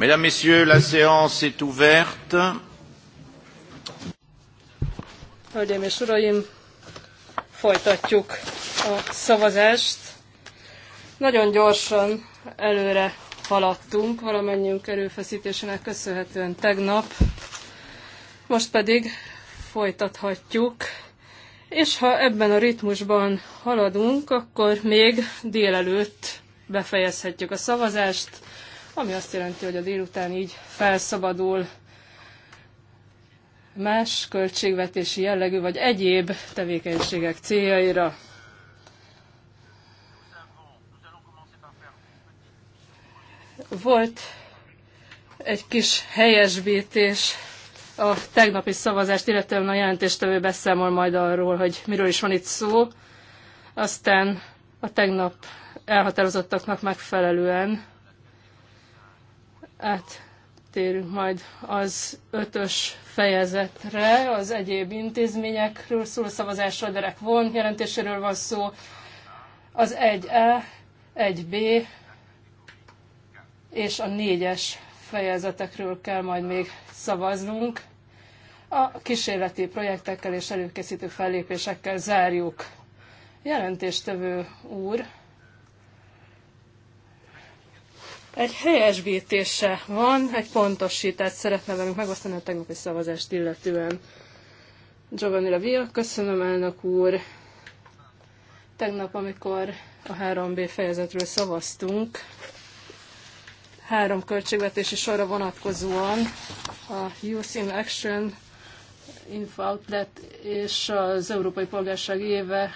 Mesdames, Messieurs, la séance est ouverte. Hölgyeim és Uraim, folytatjuk a szavazást. Nagyon gyorsan előre haladtunk, valamennyiünk erőfeszítésének köszönhetően tegnap. Most pedig folytathatjuk, és ha ebben a ritmusban haladunk, akkor még délelőtt befejezhetjük a szavazást ami azt jelenti, hogy a délután így felszabadul más költségvetési jellegű vagy egyéb tevékenységek céljaira. Volt egy kis helyesbítés a tegnapi szavazást, illetően a jelentéstevő beszámol majd arról, hogy miről is van itt szó. Aztán a tegnap elhatározottaknak megfelelően áttérünk majd az ötös fejezetre, az egyéb intézményekről szól szavazásra, Derek von jelentéséről van szó, az 1E, 1B és a 4-es fejezetekről kell majd még szavaznunk. A kísérleti projektekkel és előkészítő fellépésekkel zárjuk. Jelentéstevő úr, Egy helyesbítése van, egy pontosítást szeretne velünk megosztani a tegnapi szavazást illetően. Giovanni Lavia, köszönöm elnök úr. Tegnap, amikor a 3B fejezetről szavaztunk, három költségvetési sorra vonatkozóan a Youth in Action, Info Outlet és az Európai Polgárság éve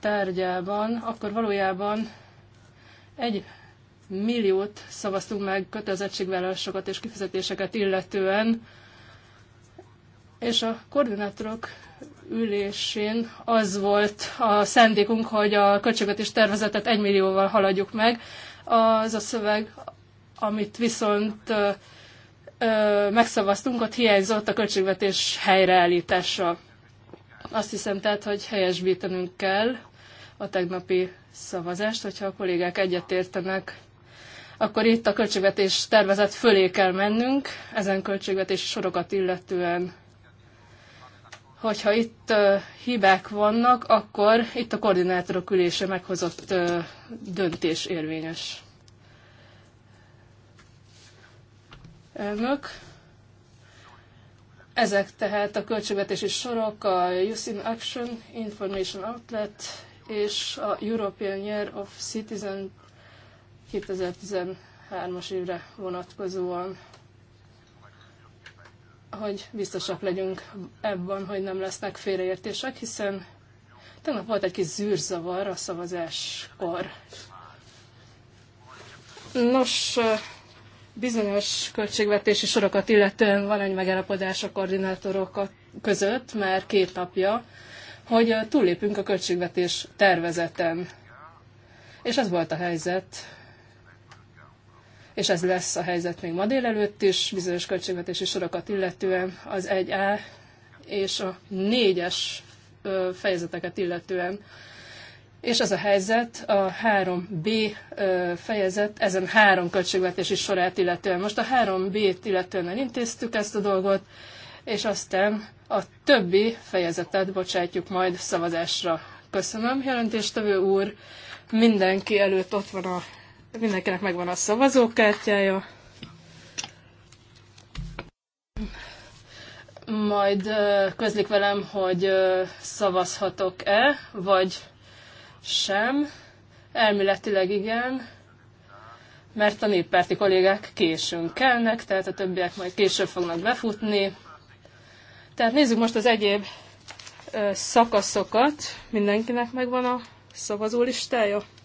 tárgyában, akkor valójában egy milliót szavaztunk meg kötelezettségvállalásokat és kifizetéseket illetően, és a koordinátorok ülésén az volt a szándékunk, hogy a költségvetés tervezetet egy millióval haladjuk meg. Az a szöveg, amit viszont ö, ö, megszavaztunk, ott hiányzott a költségvetés helyreállítása. Azt hiszem tehát, hogy helyesbítenünk kell a tegnapi szavazást, hogyha a kollégák egyetértenek akkor itt a költségvetés tervezet fölé kell mennünk, ezen költségvetési sorokat illetően. Hogyha itt hibák vannak, akkor itt a koordinátorok ülése meghozott döntés érvényes. Elnök. Ezek tehát a költségvetési sorok, a Youth in Action, Information Outlet és a European Year of Citizen 2013-as évre vonatkozóan, hogy biztosak legyünk ebben, hogy nem lesznek félreértések, hiszen tegnap volt egy kis zűrzavar a szavazáskor. Nos, bizonyos költségvetési sorokat illetően van egy megállapodás a koordinátorok között már két napja, hogy túllépünk a költségvetés tervezeten. És ez volt a helyzet és ez lesz a helyzet még ma délelőtt is, bizonyos költségvetési sorokat illetően az 1A és a 4-es fejezeteket illetően. És ez a helyzet a 3B fejezet, ezen három költségvetési sorát illetően. Most a 3B-t illetően elintéztük ezt a dolgot, és aztán a többi fejezetet bocsátjuk majd szavazásra. Köszönöm, jelentéstevő úr. Mindenki előtt ott van a Mindenkinek megvan a szavazókártyája. Majd közlik velem, hogy szavazhatok-e, vagy sem. Elméletileg igen, mert a néppárti kollégák későn kelnek, tehát a többiek majd később fognak befutni. Tehát nézzük most az egyéb szakaszokat. Mindenkinek megvan a szavazólistája? listája?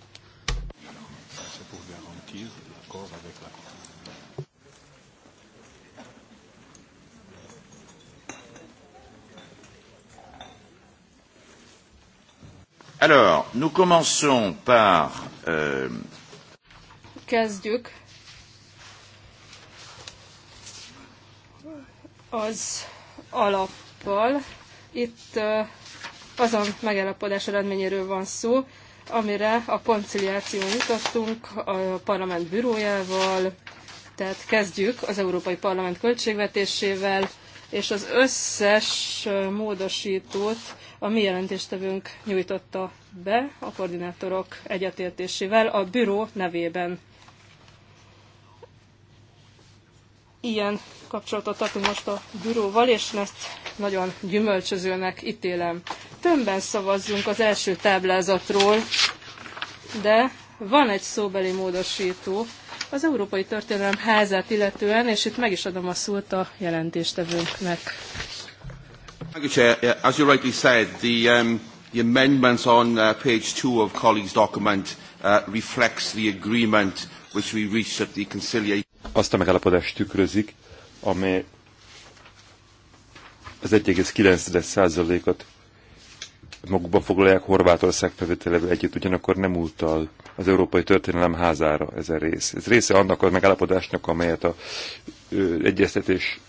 Alors, nous commençons par... Euh... Kezdjük az alappal. Itt uh, azon megállapodás eredményéről van szó, amire a konciliáción jutottunk a parlament bürójával, tehát kezdjük az Európai Parlament költségvetésével, és az összes módosítót a mi jelentéstevőnk nyújtotta be a koordinátorok egyetértésével a büró nevében. Ilyen kapcsolatot tartunk most a büróval, és ezt nagyon gyümölcsözőnek ítélem. tömbben szavazzunk az első táblázatról, de van egy szóbeli módosító, az Európai Történelem házát illetően, és itt meg is adom a szót a jelentéstevőnknek. Thank you, Chair. As you rightly said, the, um, the amendments on uh, page two of colleagues' document uh, reflects the agreement which we reached at the conciliation. Azt a megállapodást tükrözik, amely az 1,9%-ot magukban foglalják Horvátország felvételével együtt, ugyanakkor nem utal az Európai Történelem házára ez a rész. Ez része annak a megállapodásnak, amelyet a ö, egyeztetés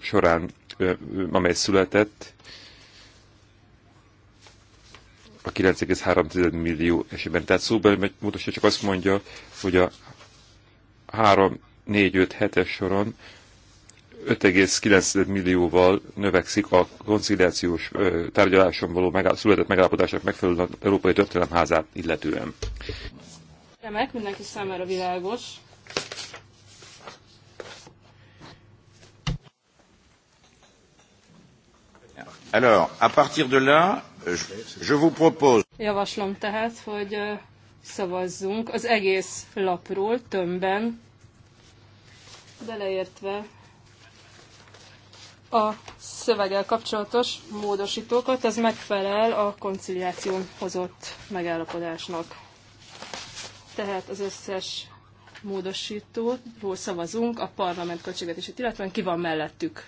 során, ö, ö, amely született, a 9,3 millió esetben. Tehát szóban mert módosítja csak azt mondja, hogy a 3, 4, 5, 7-es soron 5,9 millióval növekszik a konciliációs tárgyaláson való született megállapodások megfelelően az Európai Történelemházát illetően. Remek, mindenki számára világos. Alors, à partir de là, je vous propose... Javaslom tehát, hogy szavazzunk az egész lapról tömbben, beleértve a szöveggel kapcsolatos módosítókat, ez megfelel a konciliáción hozott megállapodásnak. Tehát az összes módosítóról szavazunk a parlament költségvetését, illetve ki van mellettük.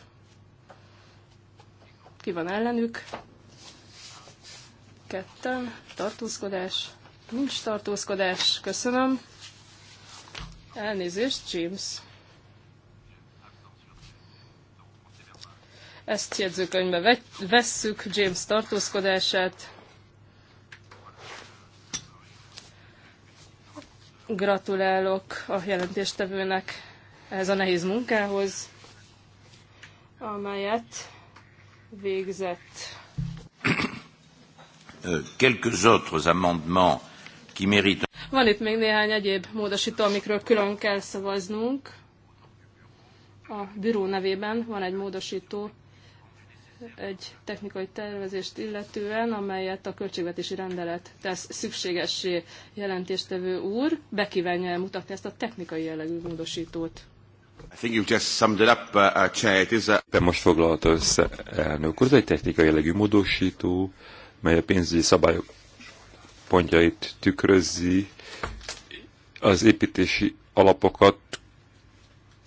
Ki van ellenük? Ketten. Tartózkodás. Nincs tartózkodás. Köszönöm. Elnézést, James. Ezt jegyzőkönyvbe vesszük, James tartózkodását. Gratulálok a jelentéstevőnek ehhez a nehéz munkához, amelyet végzett. Euh, quelques autres amendements qui méritent... Van itt még néhány egyéb módosító, amikről külön kell szavaznunk. A büró nevében van egy módosító, egy technikai tervezést illetően, amelyet a költségvetési rendelet tesz szükségessé jelentéstevő úr, bekívánja mutatni ezt a technikai jellegű módosítót. I think you've just summed it up, uh, uh, most foglalta össze, elnök úr, ez egy technikai jellegű módosító, mely a pénzügyi szabályok pontjait tükrözi, az építési alapokat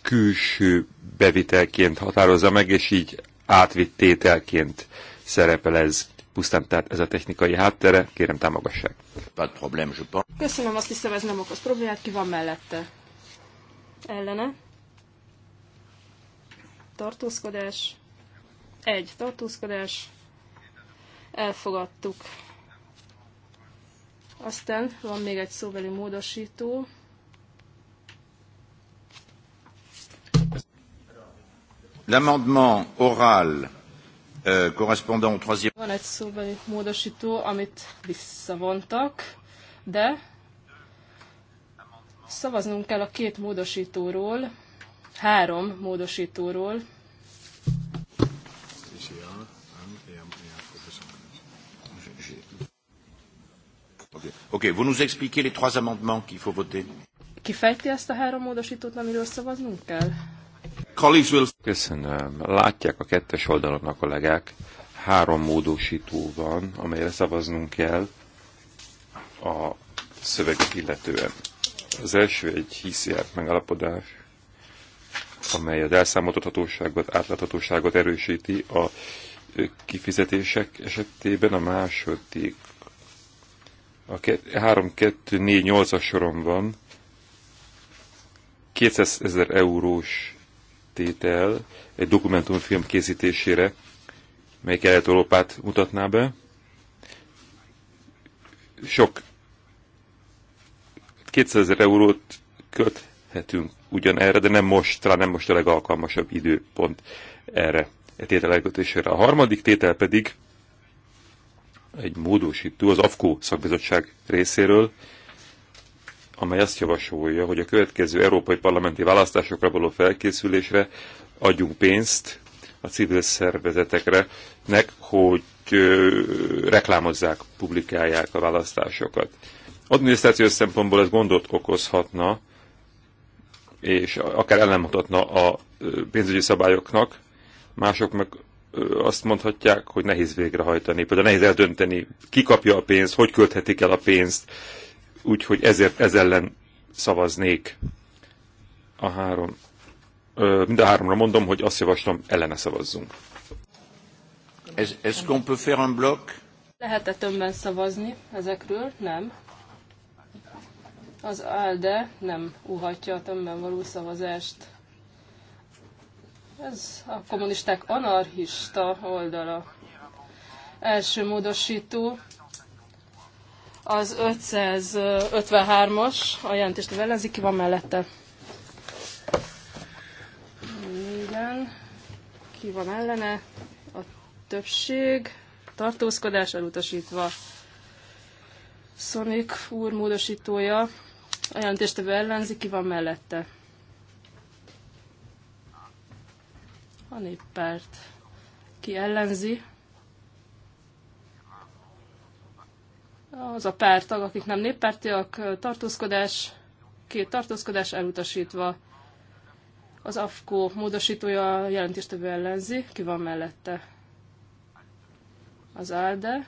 külső bevitelként határozza meg, és így átvitt tételként szerepel ez. Pusztán tehát ez a technikai háttere, kérem támogassák. Köszönöm, azt hiszem ez nem okoz problémát, ki van mellette? Ellene? Tartózkodás? Egy tartózkodás. Elfogadtuk. Aztán van még egy szóbeli módosító. L'amendement oral euh, correspondant au troisième... Van egy szóbeli módosító, amit visszavontak, de szavaznunk kell a két módosítóról, három módosítóról. Ok, vous nous expliquez les trois amendements qu'il faut voter. Kifejti ezt a három módosítót, amiről szavaznunk kell? Köszönöm. Látják a kettes oldalon a kollégák. Három módosító van, amelyre szavaznunk kell a szöveget illetően. Az első egy hiszják megalapodás, amely az elszámoltathatóságot, átláthatóságot erősíti a kifizetések esetében, a második a 3-2-4-8-as soron van 200 ezer eurós tétel egy dokumentumfilm készítésére, mely Kelet-Európát mutatná be. Sok 200 ezer eurót köthetünk ugyan erre, de nem most, talán nem most a legalkalmasabb időpont erre a e tétel elkötésére. A harmadik tétel pedig egy módosító az AFKO szakbizottság részéről, amely azt javasolja, hogy a következő európai parlamenti választásokra való felkészülésre adjunk pénzt a civil szervezetekre, nek, hogy ö, reklámozzák, publikálják a választásokat. Adminisztrációs szempontból ez gondot okozhatna, és akár ellenmutatna a pénzügyi szabályoknak, mások meg azt mondhatják, hogy nehéz végrehajtani, például nehéz eldönteni, ki kapja a pénzt, hogy költhetik el a pénzt, úgyhogy ezért ez ellen szavaznék a három. Ö, mind a háromra mondom, hogy azt javaslom, ellene szavazzunk. Ez, ez qu'on peut faire un bloc? Lehet-e többen szavazni ezekről? Nem. Az ALDE nem uhatja a többen való szavazást. Ez a kommunisták anarchista oldala. Első módosító az 553-as, a jelentést az ellenzéki van mellette. Igen, ki van ellene, a többség, tartózkodás elutasítva. Sonic úr módosítója, a jelentéstevő ellenzéki van mellette. A néppárt ki ellenzi, az a pártag, akik nem néppártiak, tartózkodás, két tartózkodás elutasítva. Az AFKO módosítója jelentéstevő ellenzi, ki van mellette? Az ALDE,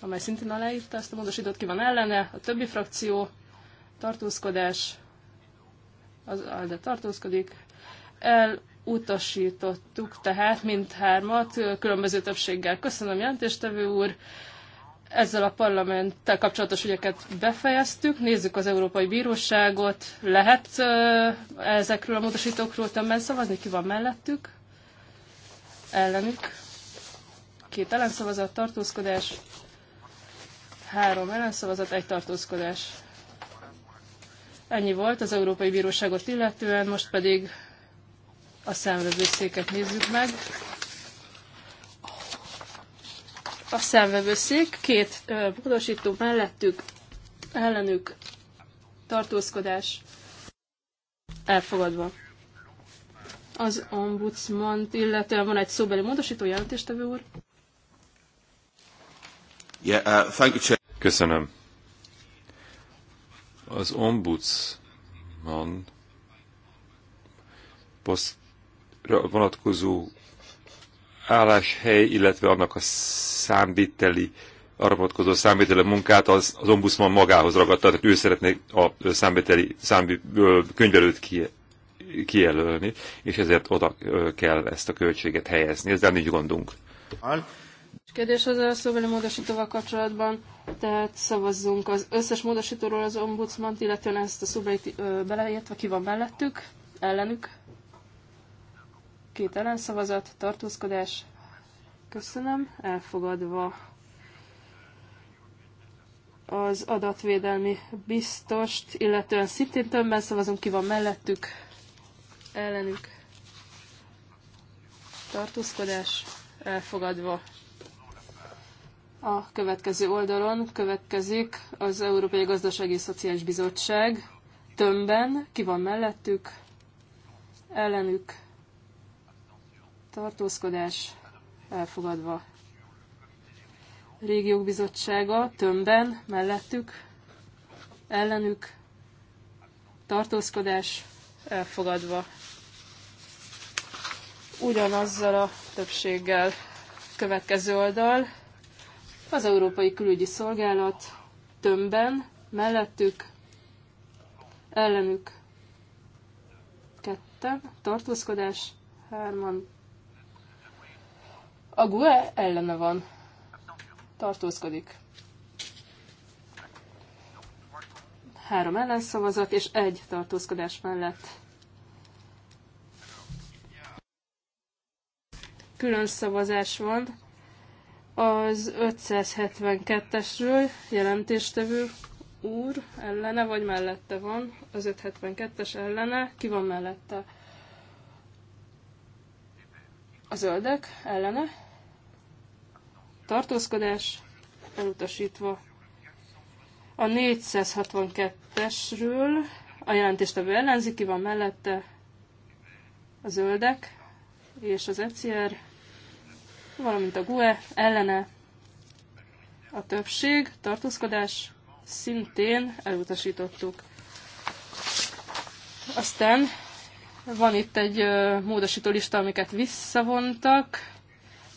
amely szintén aláírta ezt a módosítót, ki van ellene? A többi frakció, tartózkodás, az ALDE tartózkodik. Elutasítottuk tehát mindhármat különböző többséggel. Köszönöm, jelentéstevő úr! ezzel a parlamenttel kapcsolatos ügyeket befejeztük, nézzük az Európai Bíróságot, lehet ezekről a módosítókról tömben szavazni, ki van mellettük, ellenük, két ellenszavazat, tartózkodás, három ellenszavazat, egy tartózkodás. Ennyi volt az Európai Bíróságot illetően, most pedig a számvevőszéket nézzük meg a szemvevőszék, két módosító mellettük, ellenük tartózkodás elfogadva. Az ombudsman, illetően van egy szóbeli módosító jelentéstevő úr. Yeah, uh, thank you, Köszönöm. Az ombudsman poszt vonatkozó álláshely, illetve annak a számviteli, arra vonatkozó számviteli munkát az, az ombudsman magához ragadta, tehát ő szeretné a számviteli számbi, könyvelőt ki, kijelölni, és ezért oda kell ezt a költséget helyezni. Ezzel nincs gondunk. Kérdés az a szóbeli módosítóval kapcsolatban, tehát szavazzunk az összes módosítóról az ombudsmant, illetve ezt a szóbeli beleértve ki van mellettük, ellenük. Két ellenszavazat, tartózkodás. Köszönöm, elfogadva. Az adatvédelmi biztost, illetően szintén többen szavazunk, ki van mellettük, ellenük. Tartózkodás, elfogadva. A következő oldalon következik az Európai Gazdasági Szociális Bizottság tömben ki van mellettük, ellenük tartózkodás elfogadva. Régiók bizottsága tömbben mellettük, ellenük tartózkodás elfogadva. Ugyanazzal a többséggel következő oldal az Európai Külügyi Szolgálat tömbben mellettük, ellenük ketten, tartózkodás, hárman a GUE ellene van. Tartózkodik. Három ellenszavazat és egy tartózkodás mellett. Külön szavazás van az 572-esről jelentéstevő úr ellene vagy mellette van, az 572-es ellene, ki van mellette? A zöldek ellene, tartózkodás elutasítva. A 462-esről a jelentéstevő ellenzi, ki van mellette a zöldek és az ECR, valamint a GUE ellene a többség, tartózkodás szintén elutasítottuk. Aztán van itt egy módosító lista, amiket visszavontak,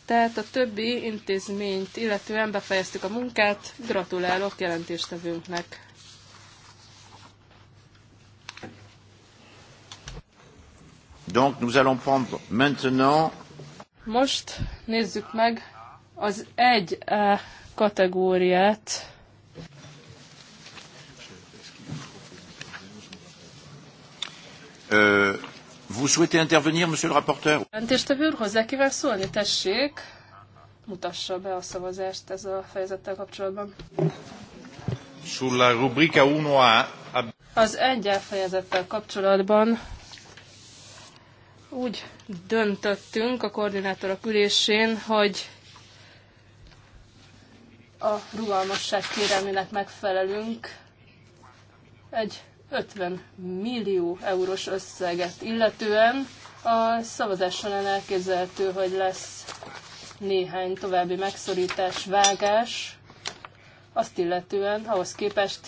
tehát a többi intézményt illetően befejeztük a munkát. Gratulálok jelentéstevőnknek! Donc nous allons prendre maintenant... Most nézzük meg az 1A kategóriát. Vous souhaitez intervenir, monsieur le rapporteur? Jelentéstevő úr, hozzá kíván szólni, tessék. Mutassa be a szavazást ez a fejezettel kapcsolatban. 1A. Az egyel fejezettel kapcsolatban úgy döntöttünk a koordinátorok ülésén, hogy a rugalmasság kérelmének megfelelünk. Egy 50 millió eurós összeget illetően a szavazás során elképzelhető, hogy lesz néhány további megszorítás, vágás, azt illetően, ahhoz képest,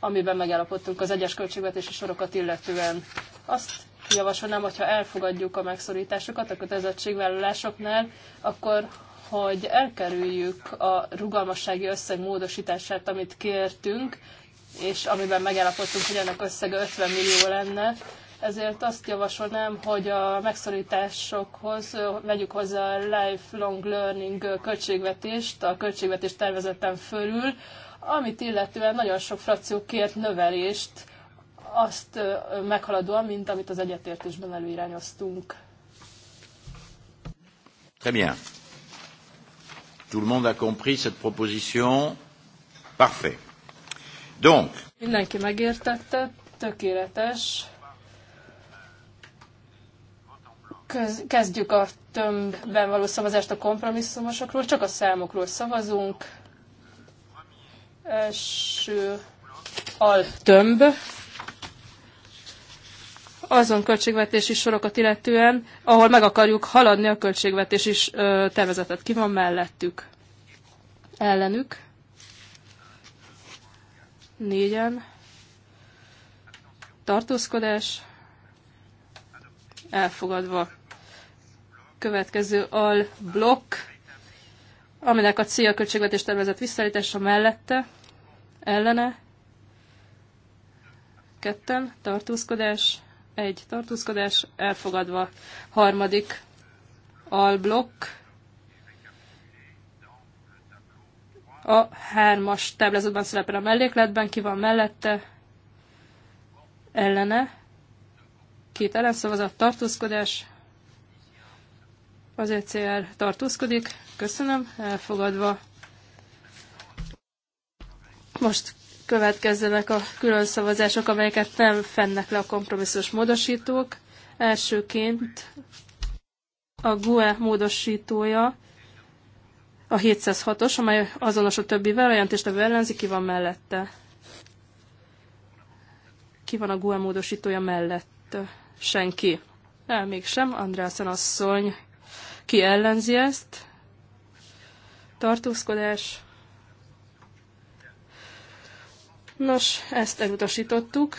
amiben megállapodtunk az egyes költségvetési sorokat illetően. Azt javasolnám, hogyha elfogadjuk a megszorításokat a kötelezettségvállalásoknál, akkor hogy elkerüljük a rugalmassági összeg módosítását, amit kértünk, és amiben megállapodtunk, hogy ennek összege 50 millió lenne, ezért azt javasolnám, hogy a megszorításokhoz vegyük hozzá a lifelong learning költségvetést, a költségvetés tervezeten fölül, amit illetően nagyon sok frakció kért növelést, azt meghaladóan, mint amit az egyetértésben előirányoztunk. Très bien. Tout le monde a compris cette proposition. Parfait. Donc. Mindenki megértette, tökéletes. Köz, kezdjük a tömbben való szavazást a kompromisszumosokról, csak a számokról szavazunk. Első al tömb azon költségvetési sorokat illetően, ahol meg akarjuk haladni a költségvetési tervezetet. Ki van mellettük? Ellenük? négyen, tartózkodás, elfogadva. Következő al blokk, aminek a célja költségvetés tervezett visszaállítása mellette, ellene, ketten, tartózkodás, egy tartózkodás, elfogadva. Harmadik alblokk, A hármas táblázatban szerepel a mellékletben, ki van mellette, ellene, két ellenszavazat, tartózkodás, az ECR tartózkodik, köszönöm, elfogadva. Most következzenek a külön szavazások, amelyeket nem fennek le a kompromisszós módosítók. Elsőként a GUE módosítója a 706-os, amely azonos a többivel, a jelentéstevő ellenzi, ki van mellette? Ki van a GUE módosítója mellett? Senki. Nem, mégsem, Andrászen asszony. Ki ellenzi ezt? Tartózkodás. Nos, ezt elutasítottuk.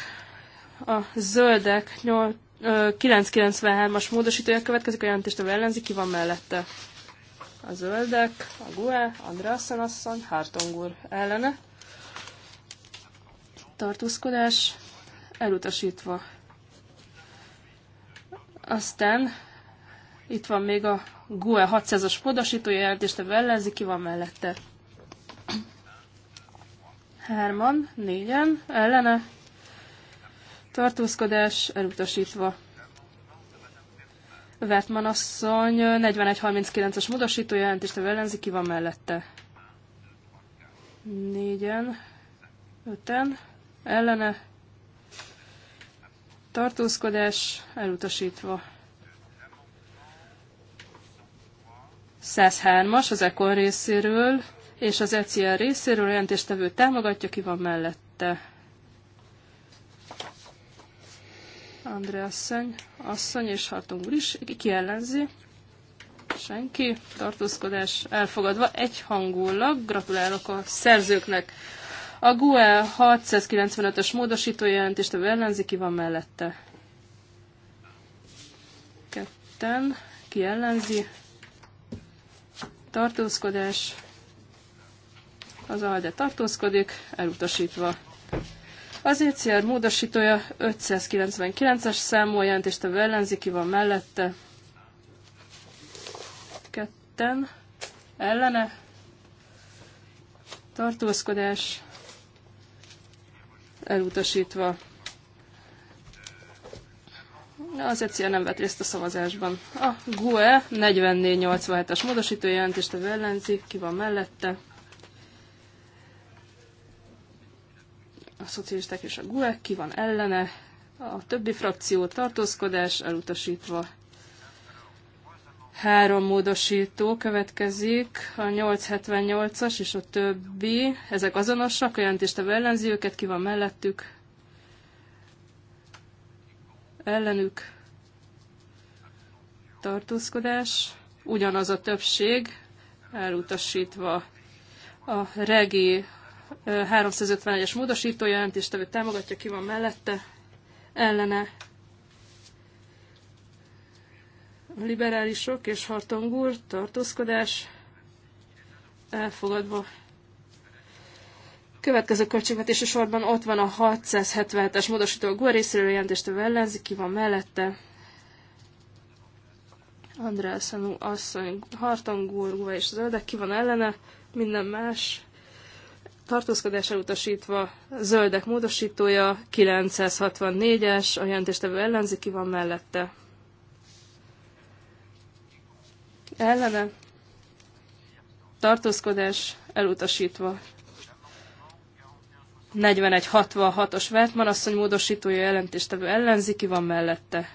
A zöldek 993-as módosítója következik, a jelentéstevő ellenzi, ki van mellette? a zöldek, a GUE, Andrássen asszony, hártongur, ellene. Tartózkodás elutasítva. Aztán itt van még a GUE 600-as módosítója jelentéstevő ellenzi, ki van mellette. Hárman, négyen, ellene, tartózkodás elutasítva. Vertman asszony 41-39-es módosító a ellenzi, ki van mellette? Négyen, öten, ellene, tartózkodás, elutasítva. 103-as az ECON részéről, és az ECR részéről jelentéstevő támogatja, ki van mellette. Andreasszony, asszony és Hartung úr is. Ki ellenzi? Senki. Tartózkodás elfogadva. Egyhangulag. Gratulálok a szerzőknek. A GUE 695-ös módosító jelentést ellenzi, ki van mellette? Ketten. Ki ellenzi? Tartózkodás. Az ALDE tartózkodik, elutasítva. Az ECR módosítója 599-es számú jelentéstevő ellenzéki van mellette. Ketten ellene tartózkodás elutasítva. Az ECR nem vett részt a szavazásban. A GUE 4487-es módosítója jelentéstevő ellenzék, ki van mellette. a szocialisták és a GUE, ki van ellene, a többi frakció tartózkodás elutasítva. Három módosító következik, a 878-as és a többi. Ezek azonosak, a jelentéstevő ellenzi őket, ki van mellettük, ellenük, tartózkodás, ugyanaz a többség, elutasítva a regi 351-es módosító jelentéstevő támogatja, ki van mellette, ellene a liberálisok és hartongúr tartózkodás elfogadva. Következő költségvetési sorban ott van a 677-es módosító a GUA részéről jelentéstevő ellenzi, ki van mellette. András Szanú asszony, Hartangúr, és Zöldek, ki van ellene, minden más tartózkodás elutasítva, zöldek módosítója, 964-es, a jelentéstevő ellenzéki van mellette. Ellene, tartózkodás elutasítva. 4166-os Vertman asszony módosítója jelentéstevő ellenzi, ki van mellette.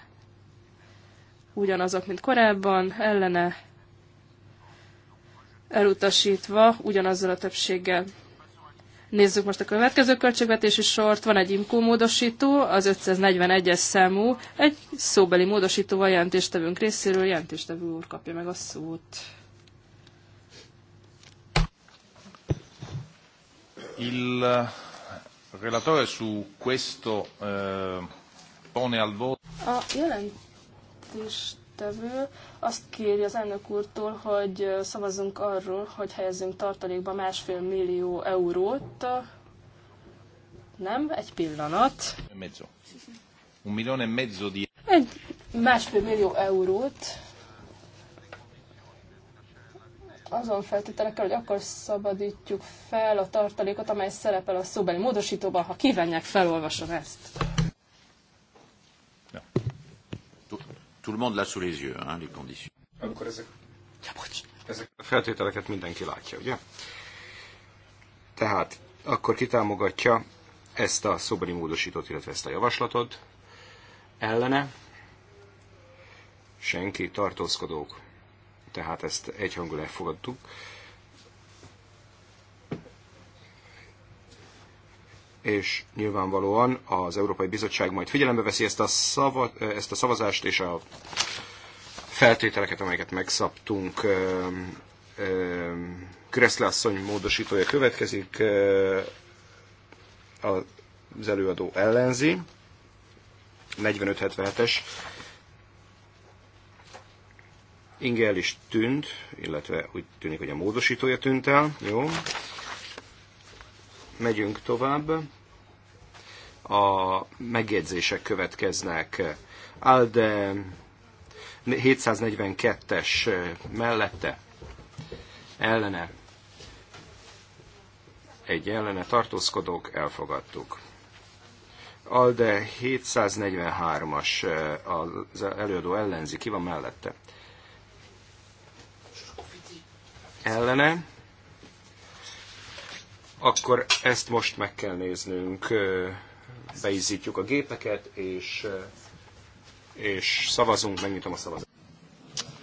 Ugyanazok, mint korábban, ellene, elutasítva, ugyanazzal a többséggel. Nézzük most a következő költségvetési sort. Van egy IMCO módosító, az 541-es számú. Egy szóbeli módosítóval jelentéstevőnk részéről. Jelentéstevő úr kapja meg a szót. Il eh, relatore su questo eh, pone al voto. A jelentést tevő, azt kéri az elnök úrtól, hogy szavazzunk arról, hogy helyezzünk tartalékba másfél millió eurót. Nem, egy pillanat. E di... Egy másfél millió eurót azon feltételekkel, hogy akkor szabadítjuk fel a tartalékot, amely szerepel a szóbeli módosítóban, ha kívánják, felolvasom ezt. Tout le monde l'a sous les yeux, hein, les conditions. Amikor ezek, ezek a feltételeket mindenki látja, ugye? Tehát akkor kitámogatja ezt a szobori módosítót, illetve ezt a javaslatot ellene. Senki, tartózkodók. Tehát ezt egyhangul elfogadtuk. és nyilvánvalóan az Európai Bizottság majd figyelembe veszi ezt a, szava, ezt a szavazást és a feltételeket, amelyeket megszabtunk. Kreszle asszony módosítója következik, az előadó ellenzi, 45 es Inge el is tűnt, illetve úgy tűnik, hogy a módosítója tűnt el. Jó. Megyünk tovább. A megjegyzések következnek. Alde 742-es mellette ellene egy ellene tartózkodók elfogadtuk. Alde 743-as az előadó ellenzi, ki van mellette? Ellene akkor ezt most meg kell néznünk. Beizzítjuk a gépeket, és, és szavazunk, megnyitom a szavazást.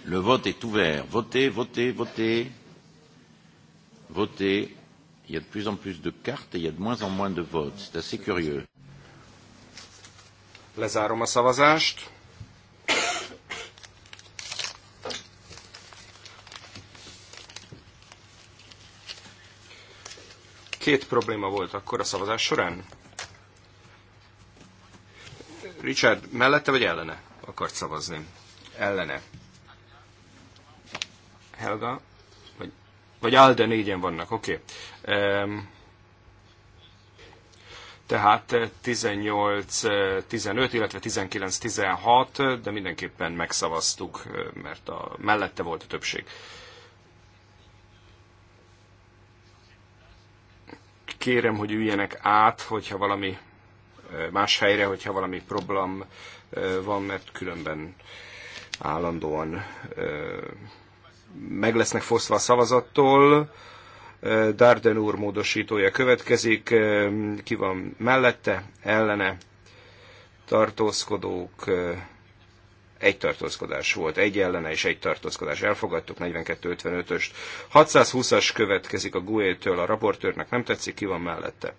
Le vote est ouvert. Votez, votez, votez. Votez. Il y a de plus en plus de cartes et il y a de moins en moins de votes. C'est assez curieux. Lezárom a szavazást. Két probléma volt akkor a szavazás során. Richard, mellette vagy ellene akart szavazni? Ellene. Helga, vagy, vagy Alde négyen vannak, oké. Okay. Um, tehát 18-15, eh, eh, illetve 19-16, de mindenképpen megszavaztuk, eh, mert a, mellette volt a többség. Uh, kérem, hogy üljenek át, hogyha valami más helyre, hogyha valami problém van, mert különben állandóan meg lesznek fosztva a szavazattól. Darden úr módosítója következik, ki van mellette, ellene, tartózkodók egy tartózkodás volt, egy ellene és egy tartózkodás. Elfogadtuk 42-55-öst. 620-as következik a GUE-től, a raportőrnek nem tetszik, ki van mellette.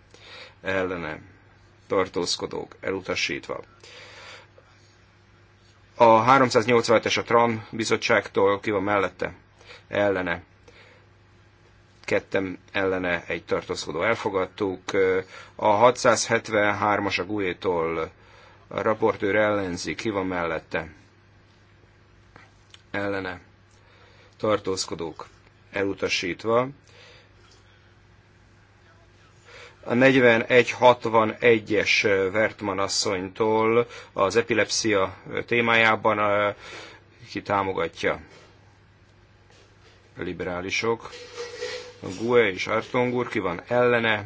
Ellene tartózkodók elutasítva. A 387-es a TRAN bizottságtól, ki van mellette? Ellene kettem ellene egy tartózkodó elfogadtuk. A 673-as a GUE-tól a raportőr ellenzi, ki van mellette? ellene tartózkodók elutasítva. A 4161-es Vertman asszonytól az epilepsia témájában ki támogatja a liberálisok. A GUE és Artong úr ki van ellene.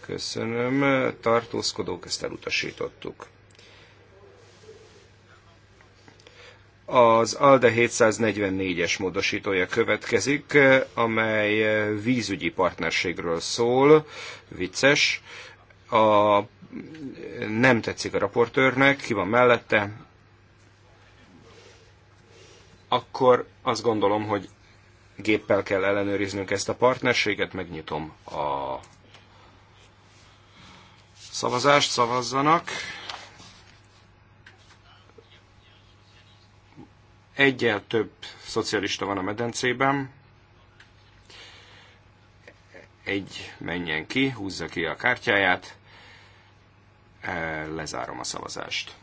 Köszönöm. Tartózkodók, ezt elutasítottuk. Az ALDE 744-es módosítója következik, amely eh, vízügyi partnerségről szól, vicces. A, nem tetszik a raportőrnek, ki van mellette, akkor azt gondolom, hogy géppel kell ellenőriznünk ezt a partnerséget, megnyitom a szavazást, szavazzanak. egyel több szocialista van a medencében. Egy menjen ki, húzza ki a kártyáját, e, lezárom a szavazást.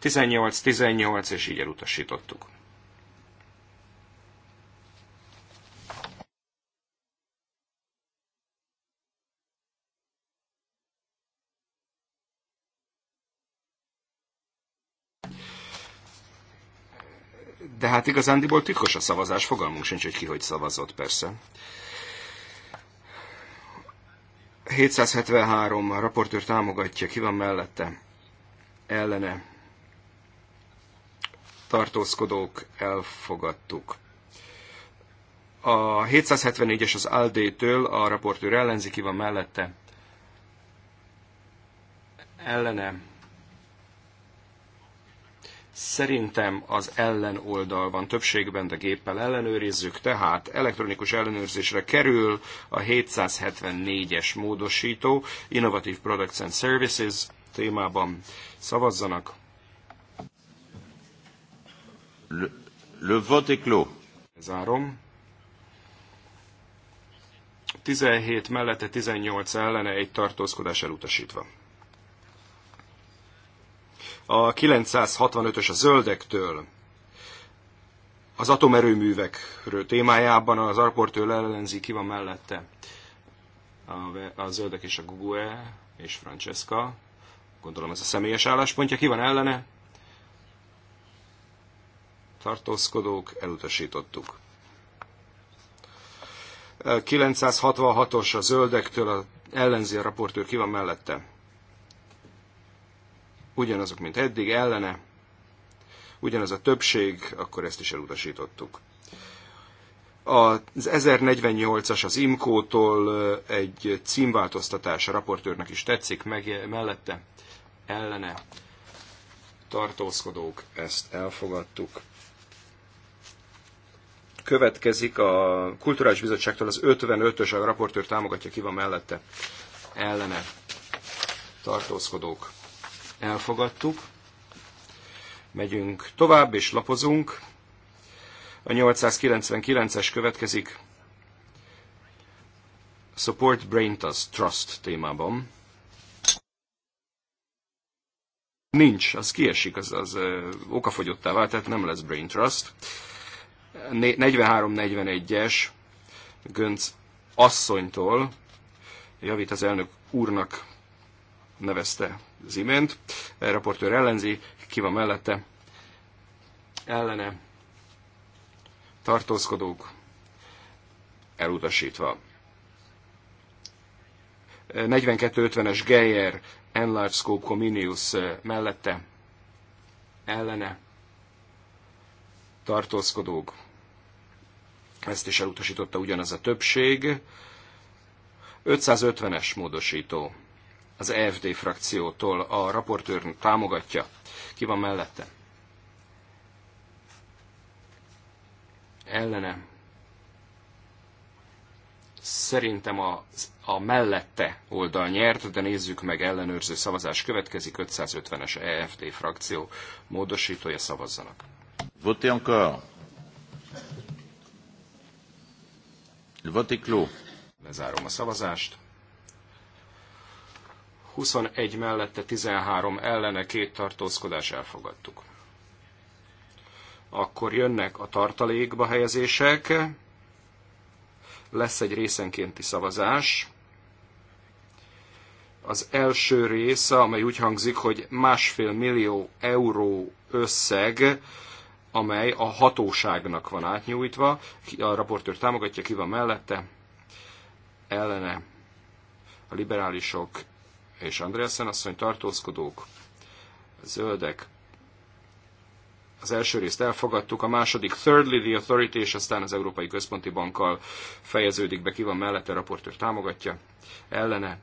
18-18, és így elutasítottuk. Tehát igazándiból titkos a szavazás, fogalmunk sincs, hogy ki hogy szavazott, persze. 773 a raportőr támogatja, ki van mellette, ellene tartózkodók elfogadtuk. A 774-es az Aldétől a raportőr ellenzi, ki van mellette, ellene Szerintem az ellenoldal van többségben, de géppel ellenőrizzük, tehát elektronikus ellenőrzésre kerül a 774-es módosító Innovative Products and Services témában. Szavazzanak! Le, le vote est clos. Zárom. 17 mellette 18 ellene egy tartózkodás elutasítva a 965-ös a zöldektől, az atomerőművekről témájában az arportől ellenzi, ki van mellette a, a zöldek és a Gugue és Francesca. Gondolom ez a személyes álláspontja. Ki van ellene? Tartózkodók, elutasítottuk. 966-os a zöldektől a, ellenzi a raportőr, ki van mellette? ugyanazok, mint eddig, ellene, ugyanaz a többség, akkor ezt is elutasítottuk. Az 1048-as az Imkótól eh, egy címváltoztatás a raportőrnek is tetszik, meg, mellette ellene tartózkodók, ezt elfogadtuk. Következik a Kulturális Bizottságtól az 55-ös, a raportőr támogatja, ki van mellette, ellene tartózkodók, elfogadtuk. Megyünk tovább és lapozunk. A 899-es következik. Support Brain Trust témában. Nincs, az kiesik, az, az okafogyottá vált, tehát nem lesz Brain Trust. 43-41-es Gönc asszonytól, javít az elnök úrnak nevezte az imént. A raportőr ellenzi, ki van mellette, ellene, tartózkodók, elutasítva. 4250-es Geyer Enlarge Scope Cominius eh, mellette, ellene, tartózkodók, ezt is elutasította ugyanaz a többség. 550-es módosító az EFD frakciótól a raportőr támogatja. Ki van mellette? Ellene. Szerintem a, a mellette oldal nyert, de nézzük meg ellenőrző szavazás következik. 550-es EFD frakció módosítója szavazzanak. Voté encore. Le vote est clos. Lezárom a szavazást. 21 mellette 13 ellene két tartózkodás elfogadtuk. Akkor jönnek a tartalékba helyezések. Lesz egy részenkénti szavazás. Az első része, amely úgy hangzik, hogy másfél millió euró összeg, amely a hatóságnak van átnyújtva. A raportőr támogatja, ki van mellette, ellene a liberálisok és Andreasen asszony tartózkodók, zöldek. Az első részt elfogadtuk, a második Thirdly the Authority, és aztán az Európai Központi Bankkal fejeződik be, ki van mellette, a raportőr támogatja, ellene.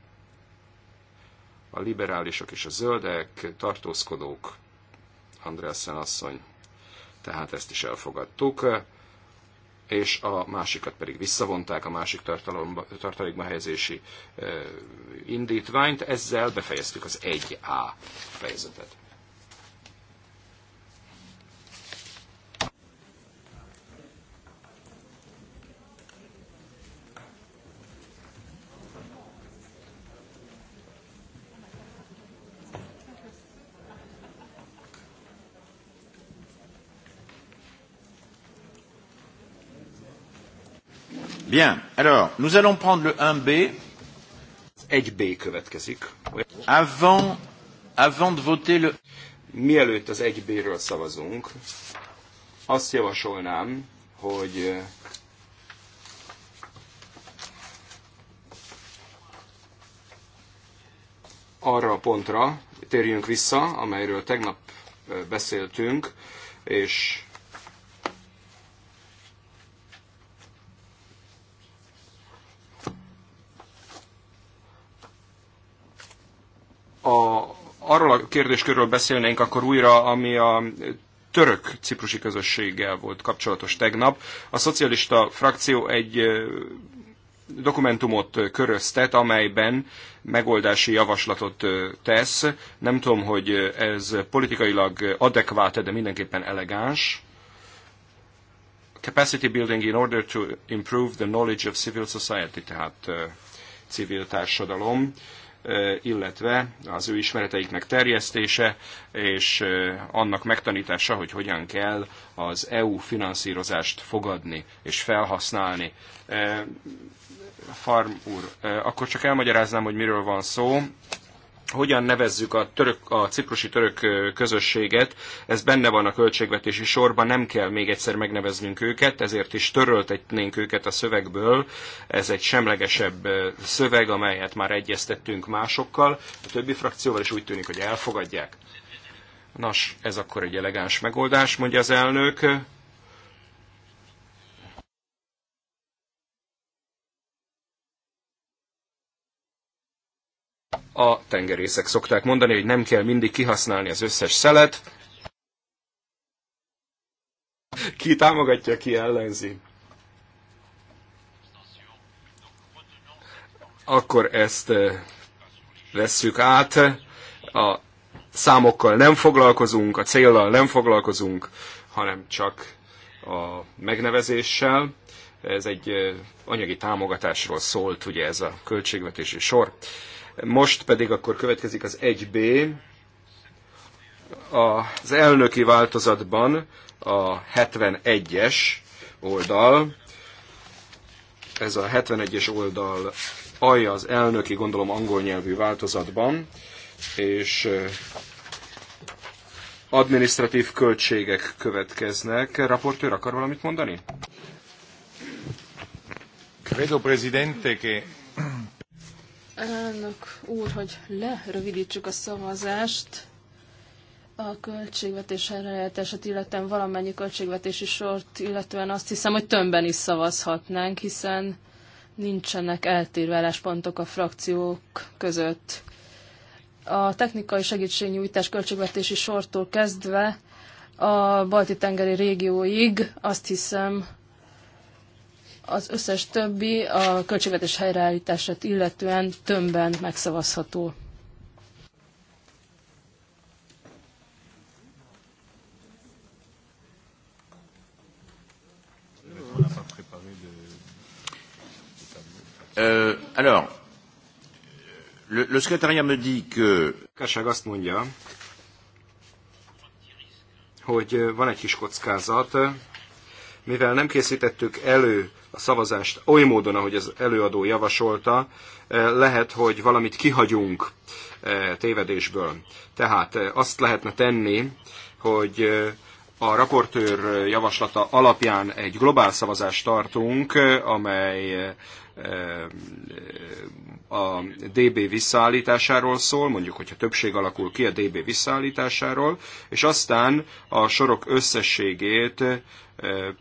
A liberálisok és a zöldek, tartózkodók, Andreasen asszony. Tehát ezt is elfogadtuk és a másikat pedig visszavonták, a másik tartalékba helyezési eh, indítványt. Ezzel befejeztük az 1A fejezetet. Bien. Alors, nous allons prendre le 1B. 1B következik. Avant, avant de voter le... Mielőtt az 1B-ről szavazunk, azt javasolnám, hogy arra a pontra térjünk vissza, amelyről tegnap beszéltünk, és a, arról a kérdéskörről beszélnénk akkor újra, ami a török ciprusi közösséggel volt kapcsolatos tegnap. A szocialista frakció egy dokumentumot köröztet, amelyben megoldási javaslatot tesz. Nem tudom, hogy ez politikailag adekvát, de mindenképpen elegáns. Capacity building in order to improve the knowledge of civil society, tehát civil társadalom illetve az ő ismereteiknek terjesztése, és annak megtanítása, hogy hogyan kell az EU finanszírozást fogadni és felhasználni. Farm úr, akkor csak elmagyaráznám, hogy miről van szó hogyan nevezzük a, török, a ciprusi török közösséget, ez benne van a költségvetési sorban, nem kell még egyszer megneveznünk őket, ezért is töröltetnénk őket a szövegből. Ez egy semlegesebb szöveg, amelyet már egyeztettünk másokkal, a többi frakcióval, és úgy tűnik, hogy elfogadják. Nos, ez akkor egy elegáns megoldás, mondja az elnök. a tengerészek szokták mondani, hogy nem kell mindig kihasználni az összes szelet. Ki támogatja, ki ellenzi. Akkor ezt eh, vesszük át. A számokkal nem foglalkozunk, a céllal nem foglalkozunk, hanem csak a megnevezéssel. Ez egy eh, anyagi támogatásról szólt, ugye ez a költségvetési sor. Most pedig akkor következik az 1B. Az elnöki változatban a 71-es oldal, ez a 71-es oldal alja az elnöki, gondolom angol nyelvű változatban, és administratív költségek következnek. Raportőr akar valamit mondani? Credo, Presidente, che elnök úr, hogy lerövidítsük a szavazást. A költségvetés elrejeltását, illetően valamennyi költségvetési sort, illetően azt hiszem, hogy tömbben is szavazhatnánk, hiszen nincsenek eltérő álláspontok a frakciók között. A technikai segítségnyújtás költségvetési sortól kezdve a balti tengeri régióig azt hiszem, az összes többi a költségvetés helyreállítását illetően tömbben megszavazható. Euh, alors, le, le secrétariat me dit que... Kassag azt mondja, hogy van egy kis kockázat, mivel nem készítettük elő a szavazást oly módon, ahogy az előadó javasolta, eh, lehet, hogy valamit kihagyunk eh, tévedésből. Tehát eh, azt lehetne tenni, hogy a raportőr javaslata alapján egy globál szavazást tartunk, amely eh, a DB visszaállításáról szól, mondjuk, hogyha többség alakul ki a DB visszaállításáról, és aztán a sorok összességét eh,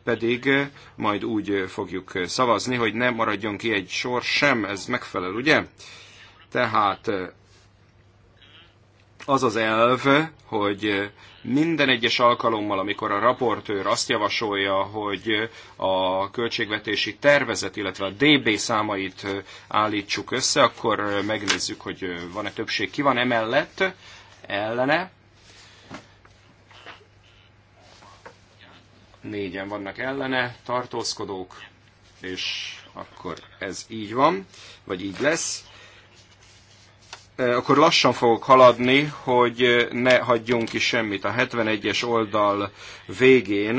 pedig majd úgy fogjuk szavazni, hogy ne maradjon ki egy sor sem, ez megfelel, ugye? Tehát eh, az az elv, hogy minden egyes alkalommal, amikor a raportőr azt javasolja, hogy a költségvetési tervezet, illetve a DB számait állítsuk össze, akkor megnézzük, hogy van-e többség, ki van emellett, ellene. Négyen vannak ellene, tartózkodók, és akkor ez így van, vagy így lesz. Eh, akkor lassan fogok haladni, hogy eh, ne hagyjunk ki semmit. A 71-es oldal végén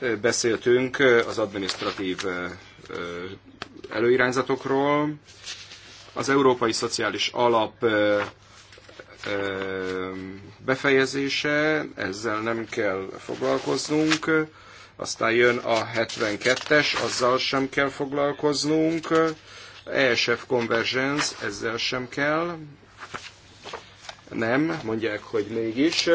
eh, beszéltünk az administratív előirányzatokról. Az Európai Szociális Alap befejezése, ezzel nem kell foglalkoznunk. Aztán jön a 72-es, azzal sem kell foglalkoznunk ESF Convergence, ezzel sem kell. Nem, mondják, hogy mégis.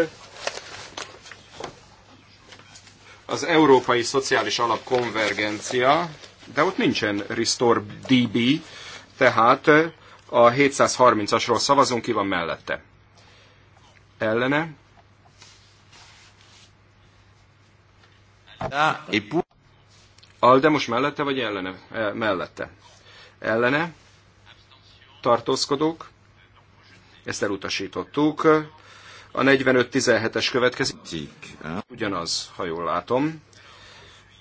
Az Európai Szociális Alap Konvergencia, de ott nincsen Restore DB, tehát a 730-asról szavazunk, ki van mellette. Ellene. E Alde most mellette vagy ellene? Eh, mellette ellene tartózkodók, ezt elutasítottuk. A 45-17-es következik. Ugyanaz, ha jól látom.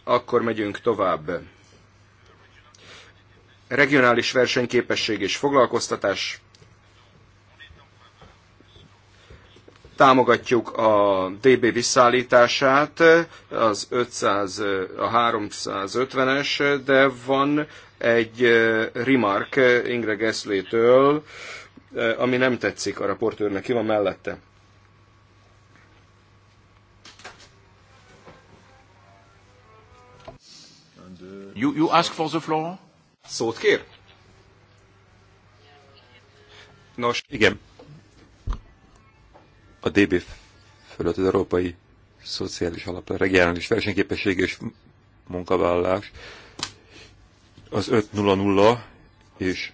Akkor megyünk tovább. Regionális versenyképesség és foglalkoztatás Támogatjuk a DB visszaállítását, az 500, a 350-es, de van egy remark Ingre Geszlétől, ami nem tetszik a raportőrnek, ki van mellette. You, you ask for the floor? Szót kér? Nos, igen a DB fölött az Európai Szociális alap, a Regionális Versenyképesség és Munkavállalás az 5.00 és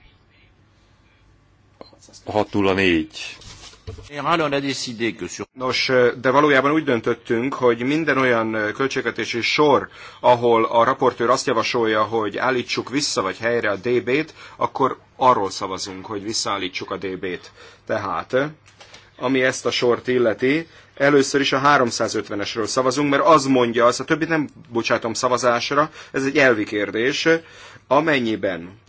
a 604. Nos, de valójában úgy döntöttünk, hogy minden olyan költségvetési sor, ahol a raportőr azt javasolja, hogy állítsuk vissza vagy helyre a DB-t, akkor arról szavazunk, hogy visszaállítsuk a DB-t. Tehát ami ezt a sort illeti, először is a 350-esről szavazunk, mert az mondja azt, a többit nem bocsátom szavazásra, ez egy elvi kérdés, amennyiben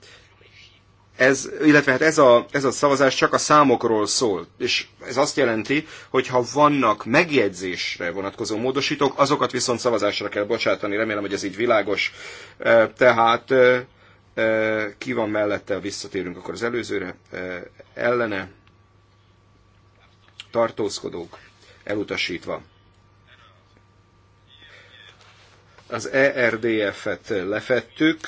ez, illetve hát ez a, ez a szavazás csak a számokról szól, és ez azt jelenti, hogy ha vannak megjegyzésre vonatkozó módosítók, azokat viszont szavazásra kell bocsátani, remélem, hogy ez így világos. E, tehát e, e, ki van mellette, visszatérünk akkor az előzőre, ellene tartózkodók elutasítva. Az ERDF-et lefettük,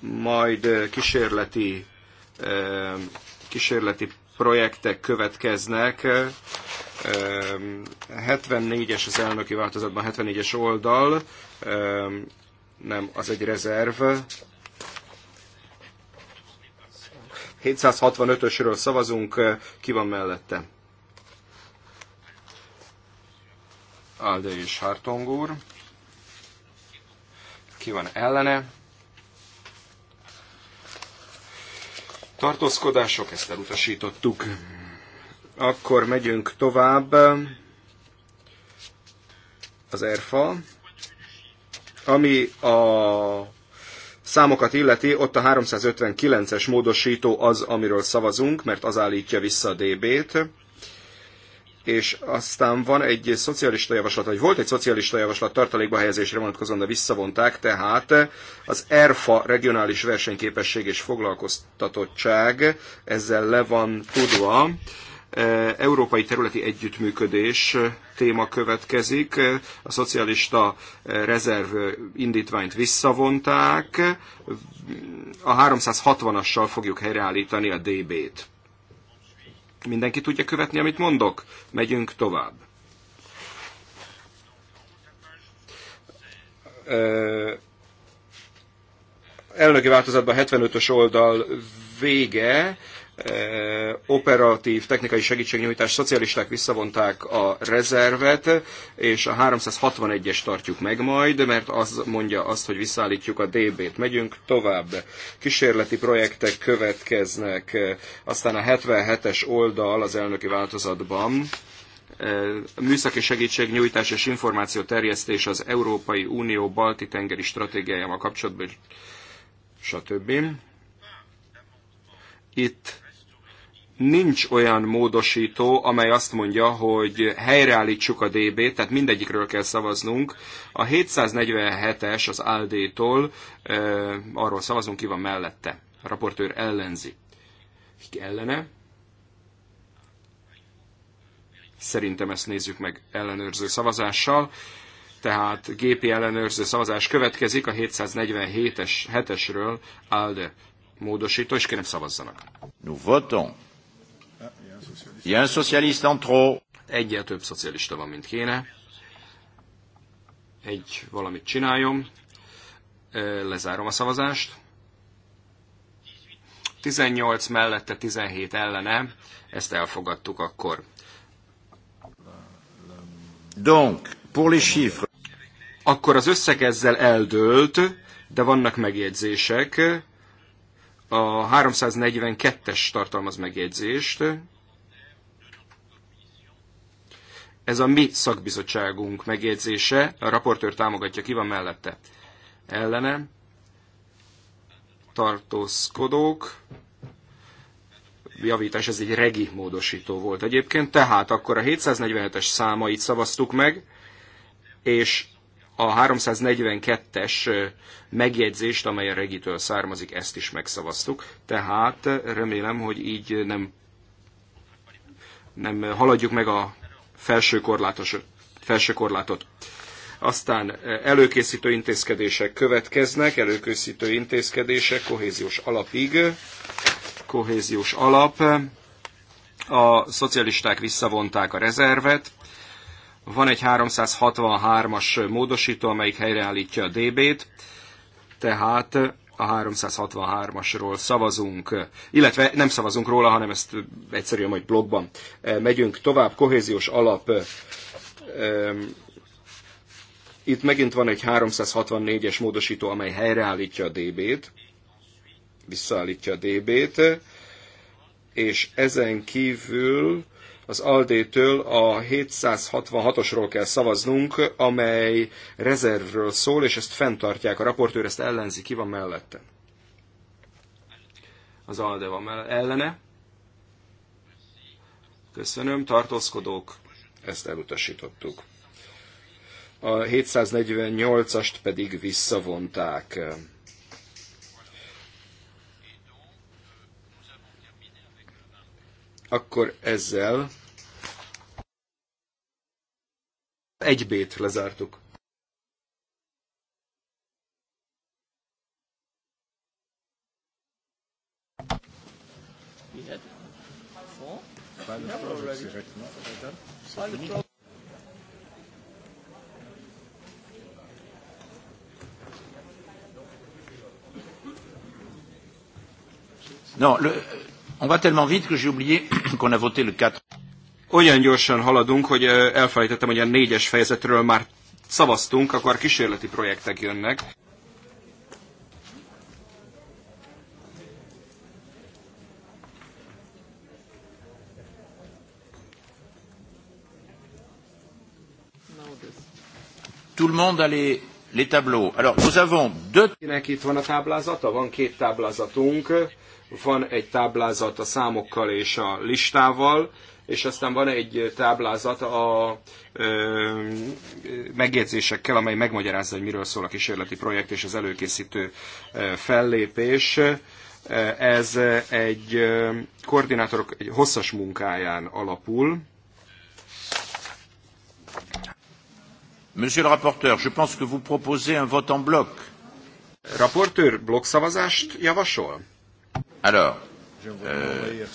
majd kísérleti, e, kísérleti projektek következnek. 74-es e, az elnöki változatban, 74-es oldal, e, nem, az egy rezerv. 765-ösről szavazunk, ki van mellette? Alde és Hartong úr. Ki van ellene? Tartózkodások, ezt elutasítottuk. Akkor megyünk tovább. Az ERFA, ami a számokat illeti, ott a 359-es módosító az, amiről szavazunk, mert az állítja vissza a DB-t és aztán van egy szocialista javaslat, vagy volt egy szocialista javaslat tartalékba helyezésre vonatkozóan, de visszavonták, tehát az ERFA regionális versenyképesség és foglalkoztatottság, ezzel le van tudva, e, Európai Területi Együttműködés téma következik. A szocialista rezerv indítványt visszavonták. A 360-assal fogjuk helyreállítani a DB-t. Mindenki tudja követni, amit mondok? Megyünk tovább. Elnöki változatban 75-ös oldal vége, Eh, operatív technikai segítségnyújtás szocialisták visszavonták a rezervet, és a 361-es tartjuk meg majd, mert az mondja azt, hogy visszaállítjuk a DB-t. Megyünk tovább. Kísérleti projektek következnek, aztán a 77-es oldal az elnöki változatban eh, műszaki segítségnyújtás és információ terjesztés az Európai Unió balti tengeri stratégiájával kapcsolatban, stb itt nincs olyan módosító, amely azt mondja, hogy helyreállítsuk a DB-t, tehát mindegyikről kell szavaznunk. A 747-es az ALD-tól, arról szavazunk, ki van mellette. A raportőr ellenzi. Ki ellene? Szerintem ezt nézzük meg ellenőrző szavazással. Tehát gépi ellenőrző szavazás következik a 747-es 7-esről ALDE módosító, és kérem szavazzanak. Nous votons. Il y a un socialiste en trop. Egyel több szocialista van, mint kéne. Egy valamit csináljon. Lezárom a szavazást. 18 mellette, 17 ellene. Ezt elfogadtuk akkor. Donc, pour les chiffres. Akkor az összeg ezzel eldőlt, de vannak megjegyzések. A 342-es tartalmaz megjegyzést. Ez a mi szakbizottságunk megjegyzése. A raportőr támogatja, ki van mellette. Ellene. Tartózkodók javítás, ez egy regi módosító volt egyébként, tehát akkor a 747-es számait szavaztuk meg, és a 342-es megjegyzést, amely a regitől származik, ezt is megszavaztuk. Tehát remélem, hogy így nem, nem haladjuk meg a felső, korlátos, felső korlátot. Aztán előkészítő intézkedések következnek, előkészítő intézkedések kohéziós alapig, kohéziós alap, a szocialisták visszavonták a rezervet, van egy 363-as módosító, amelyik helyreállítja a DB-t, tehát a 363-asról szavazunk, illetve nem szavazunk róla, hanem ezt egyszerűen majd blogban eh, megyünk tovább. Kohéziós alap, eh, itt megint van egy 364-es módosító, amely helyreállítja a DB-t, visszaállítja a DB-t, és ezen kívül az Aldétől a 766-osról kell szavaznunk, amely rezervről szól, és ezt fenntartják. A raportőr ezt ellenzi, ki van mellette? Az Alde van ellene. Köszönöm, tartózkodók, ezt elutasítottuk. A 748-ast pedig visszavonták. akkor ezzel egy bét lezártuk. Non, le, on va tellement vite que j'ai oublié qu'on a voté le 4 olyan gyorsan haladunk, hogy elfelejtettem, hogy a négyes fejezetről már szavaztunk, akkor kísérleti projektek jönnek. Tout le monde a les, les tableaux. Alors, nous avons deux... Kinek itt van a táblázata? Van két táblázatunk. Van egy táblázat a számokkal és a listával, és aztán van egy táblázat a ö, megjegyzésekkel, amely megmagyarázza, hogy miről szól a kísérleti projekt és az előkészítő fellépés. Ez egy koordinátorok egy hosszas munkáján alapul, Monsieur le rapporteur, je pense que vous proposez un vote en bloc. Raportőr blokkszavazást javasol? Alors, euh,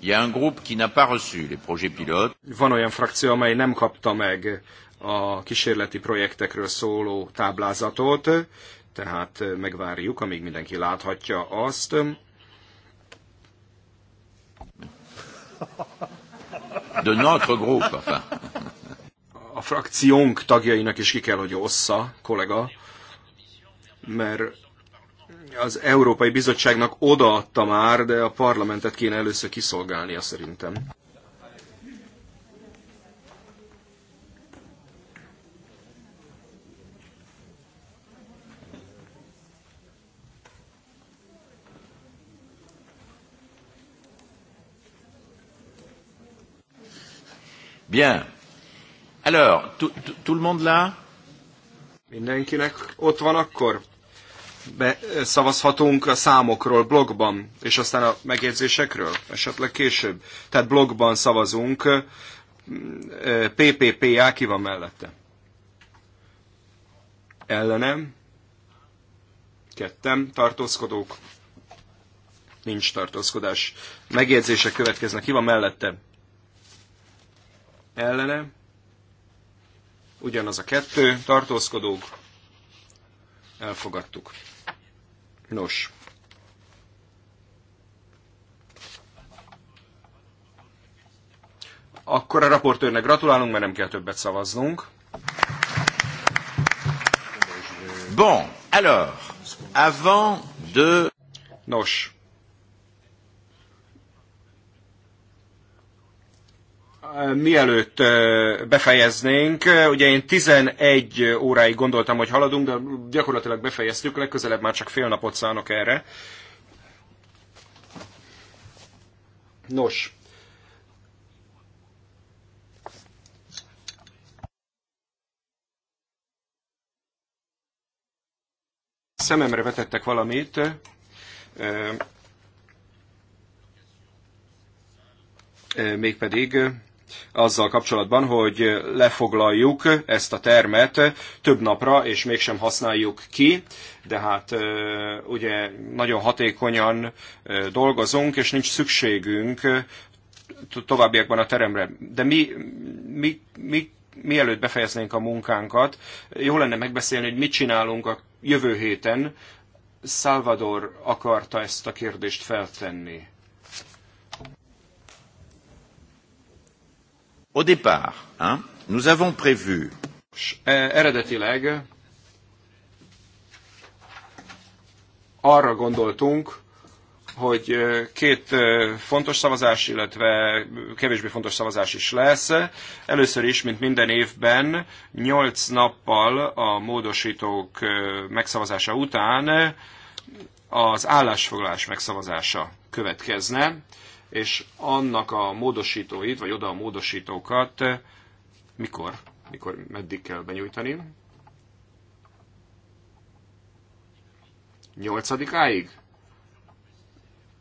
il y a un groupe qui n'a pas reçu les projets pilotes. Van olyan frakció, amely nem kapta meg a kísérleti projektekről szóló táblázatot, tehát megvárjuk, amíg mindenki láthatja azt. De notre groupe, enfin frakciónk tagjainak is ki kell, hogy ossza, kollega, mert az Európai Bizottságnak odaadta már, de a parlamentet kéne először kiszolgálnia szerintem. Bien. Alors, tout, le monde là? Mindenkinek ott van akkor? Be, szavazhatunk a számokról blogban, és aztán a megjegyzésekről, esetleg később. Tehát blogban szavazunk. PPPA ki van mellette? Ellenem? Kettem tartózkodók? Nincs tartózkodás. Megjegyzések következnek. Ki van mellette? Ellenem? ugyanaz a kettő, tartózkodók, elfogadtuk. Nos. Akkor a raportőrnek gratulálunk, mert nem kell többet szavaznunk. Bon, alors, avant de... Nos, mielőtt befejeznénk, ugye én 11 óráig gondoltam, hogy haladunk, de gyakorlatilag befejeztük, legközelebb már csak fél napot szánok erre. Nos, szememre vetettek valamit. Mégpedig azzal kapcsolatban, hogy lefoglaljuk ezt a termet több napra, és mégsem használjuk ki, de hát ugye nagyon hatékonyan dolgozunk, és nincs szükségünk továbbiakban a teremre. De mi, mi, mi mielőtt befejeznénk a munkánkat, jó lenne megbeszélni, hogy mit csinálunk a jövő héten. Salvador akarta ezt a kérdést feltenni. Au départ, hein, nous avons prévu. E, eredetileg arra gondoltunk, hogy e, két e, fontos szavazás, illetve kevésbé fontos szavazás is lesz. Először is, mint minden évben, nyolc nappal a módosítók megszavazása után az állásfoglalás megszavazása következne és annak a módosítóit, vagy oda a módosítókat mikor, mikor, meddig kell benyújtani? Nyolcadikáig?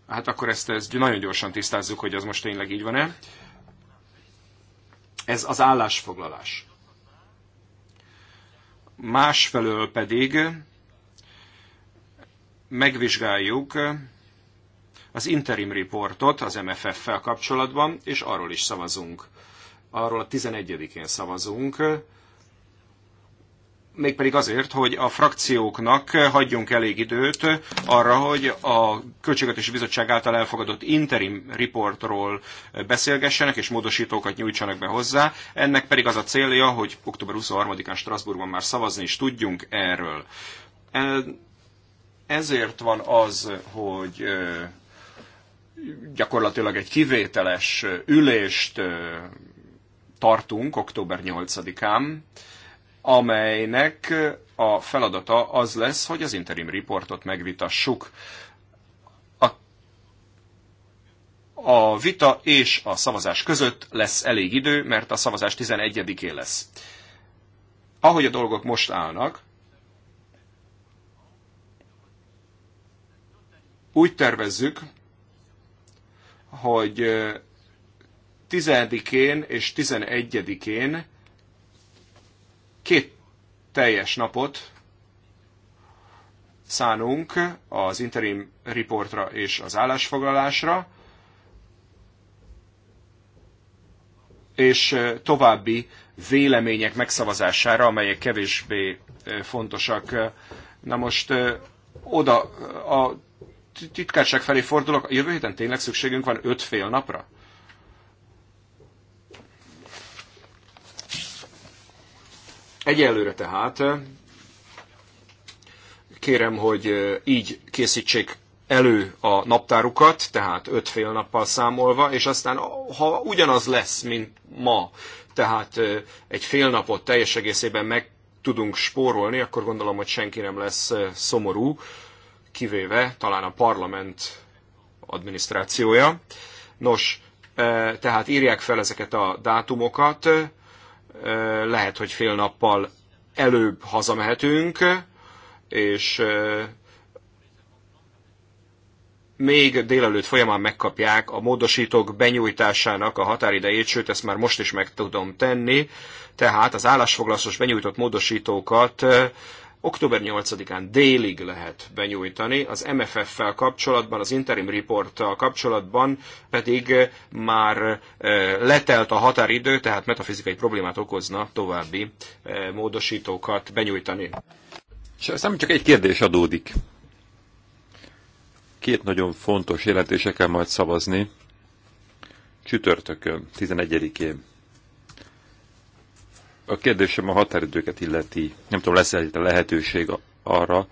Hát akkor ezt, ezt nagyon gyorsan tisztázzuk, hogy az most tényleg így van-e. Ez az állásfoglalás. Másfelől pedig megvizsgáljuk az interim reportot az MFF-fel kapcsolatban, és arról is szavazunk. Arról a 11-én szavazunk, mégpedig azért, hogy a frakcióknak hagyjunk elég időt arra, hogy a Költségvetési Bizottság által elfogadott interim reportról beszélgessenek és módosítókat nyújtsanak be hozzá. Ennek pedig az a célja, hogy október 23-án Strasbourgban már szavazni is tudjunk erről. Ezért van az, hogy gyakorlatilag egy kivételes ülést tartunk október 8-án, amelynek a feladata az lesz, hogy az interim riportot megvitassuk. A, a vita és a szavazás között lesz elég idő, mert a szavazás 11-é lesz. Ahogy a dolgok most állnak, úgy tervezzük, hogy 10-én és 11-én két teljes napot szánunk az interim reportra és az állásfoglalásra, és további vélemények megszavazására, amelyek kevésbé fontosak. Na most oda a titkárság felé fordulok, a jövő héten tényleg szükségünk van öt fél napra? Egyelőre tehát kérem, hogy így készítsék elő a naptárukat, tehát öt fél nappal számolva, és aztán ha ugyanaz lesz, mint ma, tehát egy fél napot teljes egészében meg tudunk spórolni, akkor gondolom, hogy senki nem lesz szomorú, kivéve talán a parlament adminisztrációja. Nos, e, tehát írják fel ezeket a dátumokat, e, lehet, hogy fél nappal előbb hazamehetünk, és e, még délelőtt folyamán megkapják a módosítók benyújtásának a határidejét, sőt, ezt már most is meg tudom tenni, tehát az állásfoglalásos benyújtott módosítókat október 8-án délig lehet benyújtani, az MFF-fel kapcsolatban, az interim reporttal kapcsolatban pedig már eh, letelt a határidő, tehát metafizikai problémát okozna további eh, módosítókat benyújtani. Szerintem csak egy kérdés adódik. Két nagyon fontos jelentése kell majd szavazni. Csütörtökön, 11-én. A kérdésem a határidőket illeti. Nem tudom, lesz -e lehetőség arra,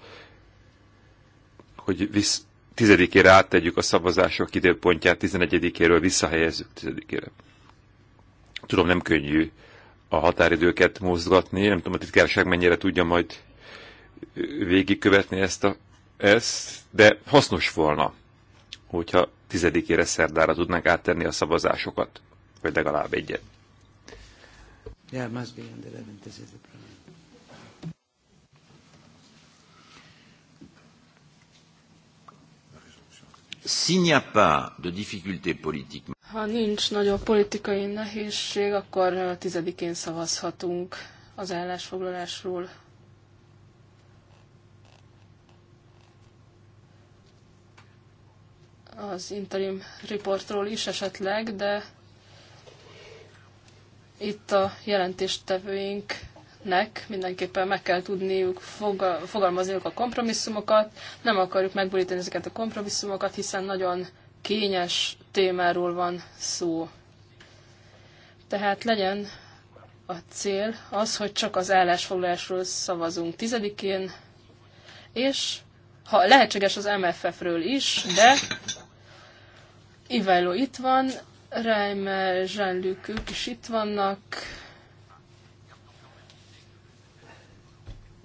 hogy visz, tizedikére áttegyük a szavazások időpontját, tizenegyedikéről visszahelyezzük tizedikére. Tudom, nem könnyű a határidőket mozgatni, nem tudom, a titkárság mennyire tudja majd végigkövetni ezt, a, ezt de hasznos volna, hogyha tizedikére szerdára tudnánk áttenni a szavazásokat, vagy legalább egyet. Yeah, it must be under 11. This is the problem. Ha nincs nagyobb politikai nehézség, akkor tizedikén szavazhatunk az állásfoglalásról. Az interim reportról is esetleg, de itt a jelentéstevőinknek mindenképpen meg kell tudniuk fogal- fogalmazniuk a kompromisszumokat. Nem akarjuk megborítani ezeket a kompromisszumokat, hiszen nagyon kényes témáról van szó. Tehát legyen a cél az, hogy csak az állásfoglalásról szavazunk tizedikén, és ha lehetséges az MFF-ről is, de Ivailo itt van, Reimer, jean ők is itt vannak.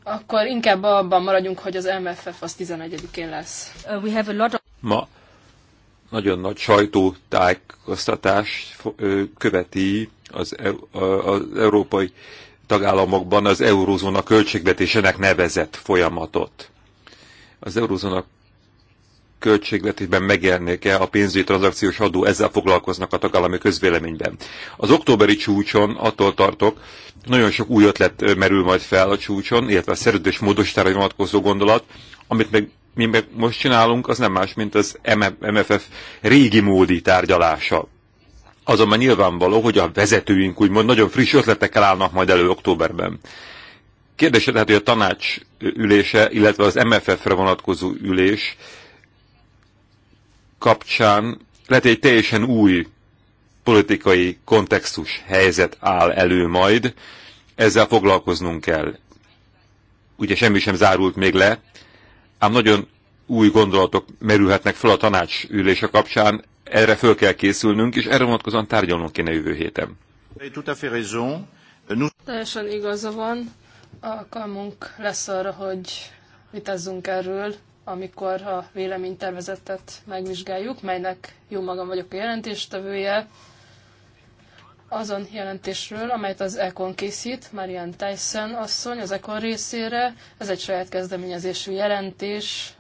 Akkor inkább abban maradjunk, hogy az MFF az 11-én lesz. Uh, we have a lot of... Ma nagyon nagy sajtótájékoztatás követi az, e, az európai tagállamokban az eurózóna költségvetésének nevezett folyamatot. Az eurózóna költségvetésben megjelenik-e a pénzügyi tranzakciós adó, ezzel foglalkoznak a tagállami közvéleményben. Az októberi csúcson attól tartok, nagyon sok új ötlet merül majd fel a csúcson, illetve a szerződés módosítára vonatkozó gondolat, amit meg mi meg most csinálunk, az nem más, mint az MFF régi módi tárgyalása. Azonban nyilvánvaló, hogy a vezetőink úgymond nagyon friss ötletekkel állnak majd elő októberben. Kérdésed tehát, hogy a tanács ülése, illetve az MFF-re vonatkozó ülés kapcsán lehet egy teljesen új politikai kontextus helyzet áll elő majd, ezzel foglalkoznunk kell. Ugye semmi sem zárult még le, ám nagyon új gondolatok merülhetnek fel a tanács ülése kapcsán, erre föl kell készülnünk, és erre vonatkozóan tárgyalnunk kéne jövő héten. Teljesen igaza van, alkalmunk lesz arra, hogy vitázzunk erről, amikor a véleménytervezetet megvizsgáljuk, melynek jó magam vagyok a jelentéstevője, azon jelentésről, amelyet az Econ készít, Marian Tyson asszony az Econ részére. Ez egy saját kezdeményezésű jelentés,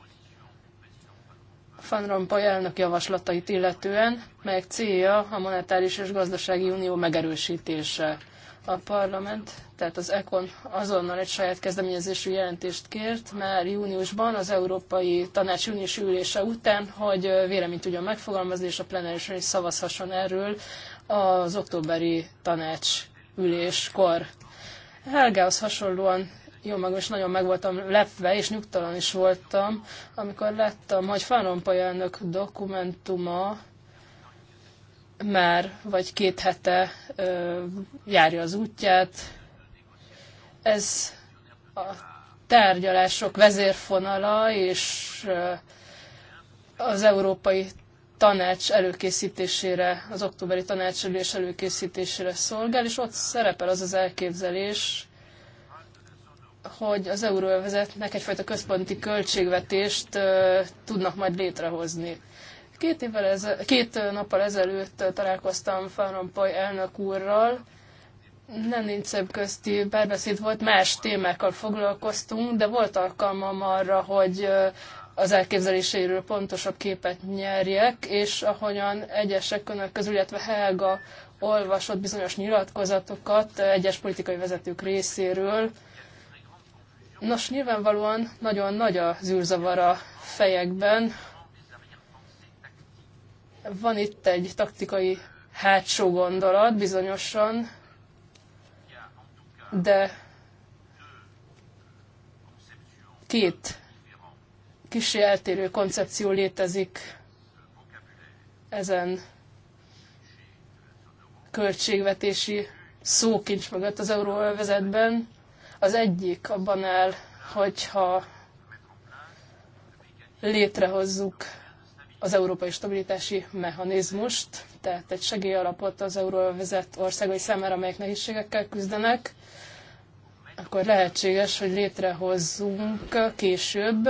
Van Rompuy elnök javaslatait illetően, melyek célja a monetáris és gazdasági unió megerősítése a parlament, tehát az ECON azonnal egy saját kezdeményezésű jelentést kért már júniusban, az Európai Tanács június ülése után, hogy véleményt tudjon megfogalmazni, és a plenáris is szavazhasson erről az októberi tanács üléskor. Helgához hasonlóan jó magam is nagyon meg voltam lepve, és nyugtalan is voltam, amikor láttam, hogy Fánompa elnök dokumentuma már vagy két hete ö, járja az útját. Ez a tárgyalások vezérfonala és ö, az Európai Tanács előkészítésére, az októberi tanácsülés előkészítésére szolgál, és ott szerepel az az elképzelés, hogy az euróvezetnek egyfajta központi költségvetést ö, tudnak majd létrehozni. Két, évvel ez, két nappal ezelőtt találkoztam Fáronpoly elnök úrral, nem szebb közti párbeszéd volt, más témákkal foglalkoztunk, de volt alkalmam arra, hogy az elképzeléséről pontosabb képet nyerjek, és ahogyan egyesek önök közül, illetve Helga olvasott bizonyos nyilatkozatokat egyes politikai vezetők részéről. Nos, nyilvánvalóan nagyon nagy a zűrzavar a fejekben, van itt egy taktikai hátsó gondolat bizonyosan, de két kicsi eltérő koncepció létezik ezen költségvetési szókincs mögött az euróövezetben. Az egyik abban áll, hogyha létrehozzuk az európai stabilitási mechanizmust, tehát egy segélyalapot az euróvezet országai számára, amelyek nehézségekkel küzdenek, akkor lehetséges, hogy létrehozzunk később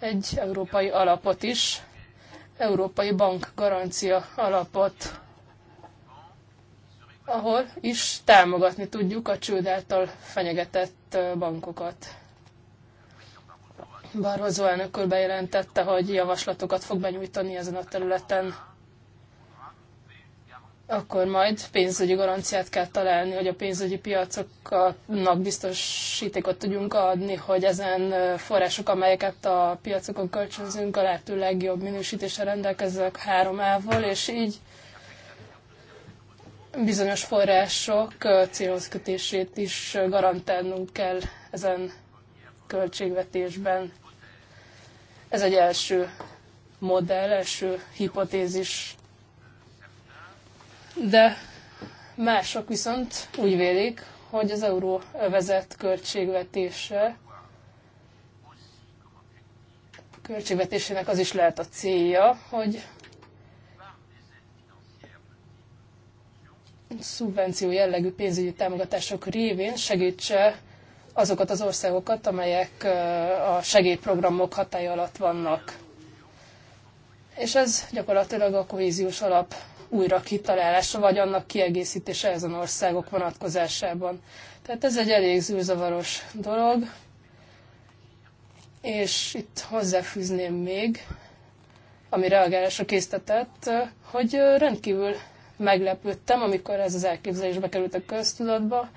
egy európai alapot is, európai bank garancia alapot, ahol is támogatni tudjuk a csőd által fenyegetett bankokat. Barroso elnök úr bejelentette, hogy javaslatokat fog benyújtani ezen a területen. Akkor majd pénzügyi garanciát kell találni, hogy a pénzügyi piacoknak biztosítékot tudjunk adni, hogy ezen források, amelyeket a piacokon kölcsönzünk, a lehető legjobb minősítésre rendelkeznek három ával, és így bizonyos források célhoz kötését is garantálnunk kell ezen költségvetésben. Ez egy első modell, első hipotézis. De mások viszont úgy vélik, hogy az euróvezet költségvetése költségvetésének az is lehet a célja, hogy szubvenció jellegű pénzügyi támogatások révén segítse azokat az országokat, amelyek a segélyprogramok hatája alatt vannak. És ez gyakorlatilag a kohéziós alap újra kitalálása, vagy annak kiegészítése ezen országok vonatkozásában. Tehát ez egy elég zűrzavaros dolog. És itt hozzáfűzném még, ami reagálásra késztetett, hogy rendkívül meglepődtem, amikor ez az elképzelés bekerült a köztudatba,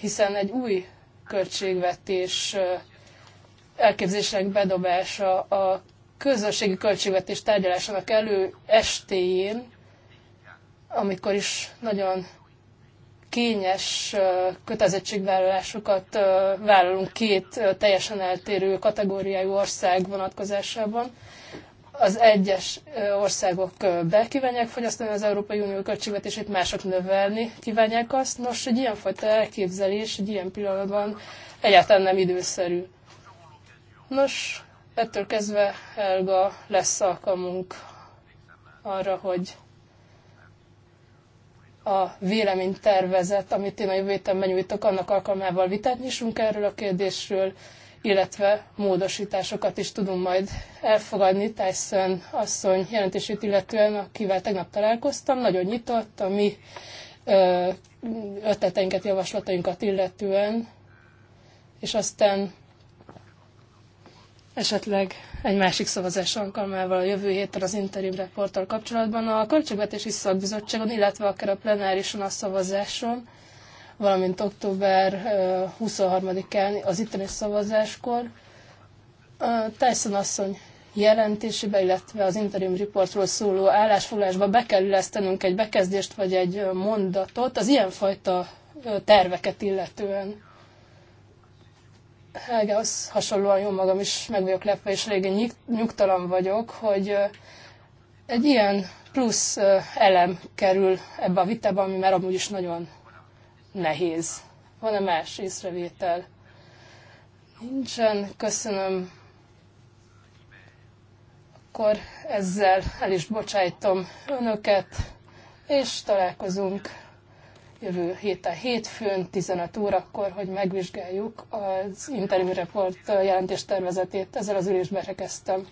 hiszen egy új költségvetés elképzésének bedobása a közösségi költségvetés tárgyalásának elő estéjén, amikor is nagyon kényes kötelezettségvállalásokat vállalunk két teljesen eltérő kategóriájú ország vonatkozásában az egyes országok be kívánják fogyasztani az Európai Unió költségvetését, mások növelni kívánják azt. Nos, egy ilyenfajta elképzelés egy ilyen pillanatban egyáltalán nem időszerű. Nos, ettől kezdve Helga lesz alkalmunk arra, hogy a véleménytervezet, amit én a jövő héten benyújtok, annak alkalmával vitát nyissunk erről a kérdésről, illetve módosításokat is tudunk majd elfogadni Tyson asszony jelentését illetően, akivel tegnap találkoztam. Nagyon nyitott a mi ötleteinket, javaslatainkat illetően, és aztán esetleg egy másik szavazás alkalmával a jövő héten az interim reporttal kapcsolatban a Költségvetési Szakbizottságon, illetve akár a plenárison a szavazáson valamint október 23-án az itteni szavazáskor. Tyson asszony jelentésébe, illetve az interim reportról szóló állásfoglalásba be kell illesztenünk egy bekezdést vagy egy mondatot az ilyenfajta terveket illetően. Helge, az hasonlóan jó magam is meg vagyok lepve, és régen nyugtalan vagyok, hogy egy ilyen plusz elem kerül ebbe a vitába, ami már amúgy is nagyon nehéz. Van-e más észrevétel? Nincsen. Köszönöm. Akkor ezzel el is bocsájtom önöket, és találkozunk jövő héten hétfőn 15 órakor, hogy megvizsgáljuk az interim report jelentéstervezetét. Ezzel az ülésbe rekeztem.